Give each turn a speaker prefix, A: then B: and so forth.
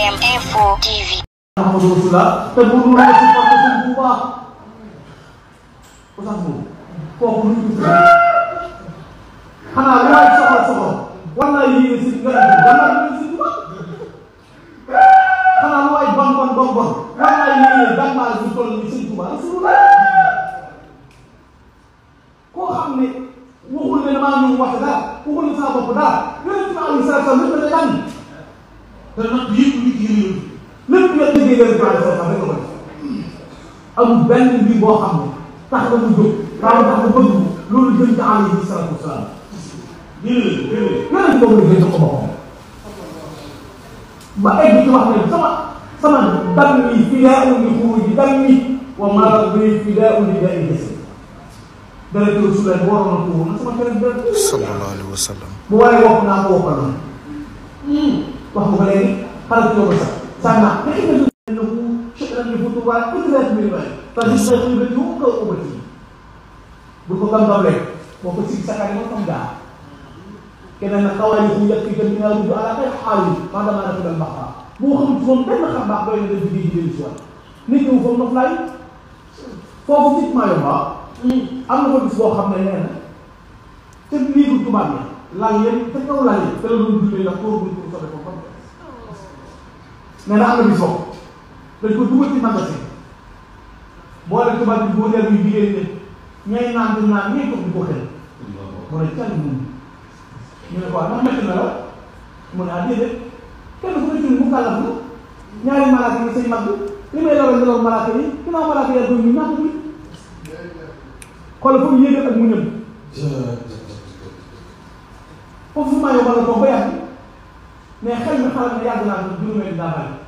A: GM Info TV. te bu dul rëdd bu baax Oustaz Mbour kooku lu ñu xanaa lu waay soxla soxla war naa yéene si nga si bu baax xanaa lu waay bon bon bon bon war naa yéene gàmmaal bi toll nii si bu baax koo xam ne waxul ne damaa ñu wax daal waxul ne saa bopp daal yéen si maa ngi te nag yëpp nit yëngu yëngu même bu la déggee benn plan de formation rek nga ko def amul benn mbir boo xam ne tax na mu jóg tax na mu bëgg loolu jëm ci àll yi salaatu salaam. jërëjëf jërëjëf. lan lañ ko mën a jënd ko boppam. ba egg ci wax ne sama sama dam yi fidaa'un li xuruuji dammi wa maradi fidaa'un li daa'i jasadi. dara jël su leen waroon a tuuru na sama kër. sallallahu alayhi wa sallam. bu waree wax naa ko waxal na. Hmm. wax nga ko léegi xalaat ko sax sànni naa mais il nga dund lahu shukran li futuwaat idrat mi riwaay parce que xiba yu ko ubati bu ko gam-gam rek boo ko sig sakaani moo tam gaa keneen nag xawaay yi yàq yi dem dinaa wutu ala kay xaal yi maa damaa la tudal baax baax boo xamul foom benn xam baax doy na dem liggéey jëli si waat nit ñi foom ndox laay foofu nit maa yomba am na ko gis boo xam ne nee na te lii du tubaab yi lal yéen te kaw lal yéen la doon jullee ndax kóor buñ ko sobe ko comme nee na am na bi soog dañ ko dugal ci magasin boole tubaab bi boo dellu jigéen ne ñay naan du naan ñay toog di mu mun ñu ne ko waaw ndax métti na la mu ne ah déedéet kenn ku ne ci mu kàllaf la ñaari malaaka yi say mag li may loroon loroon malaaka yi ginnaaw malaaka yi ak ñu ñàkk bi xool fa mu yéegal ak mu ñëm confinement yow ma la boo ko yàgg mais xel mi xalam ne yàgg naa ko juróomeel daa bari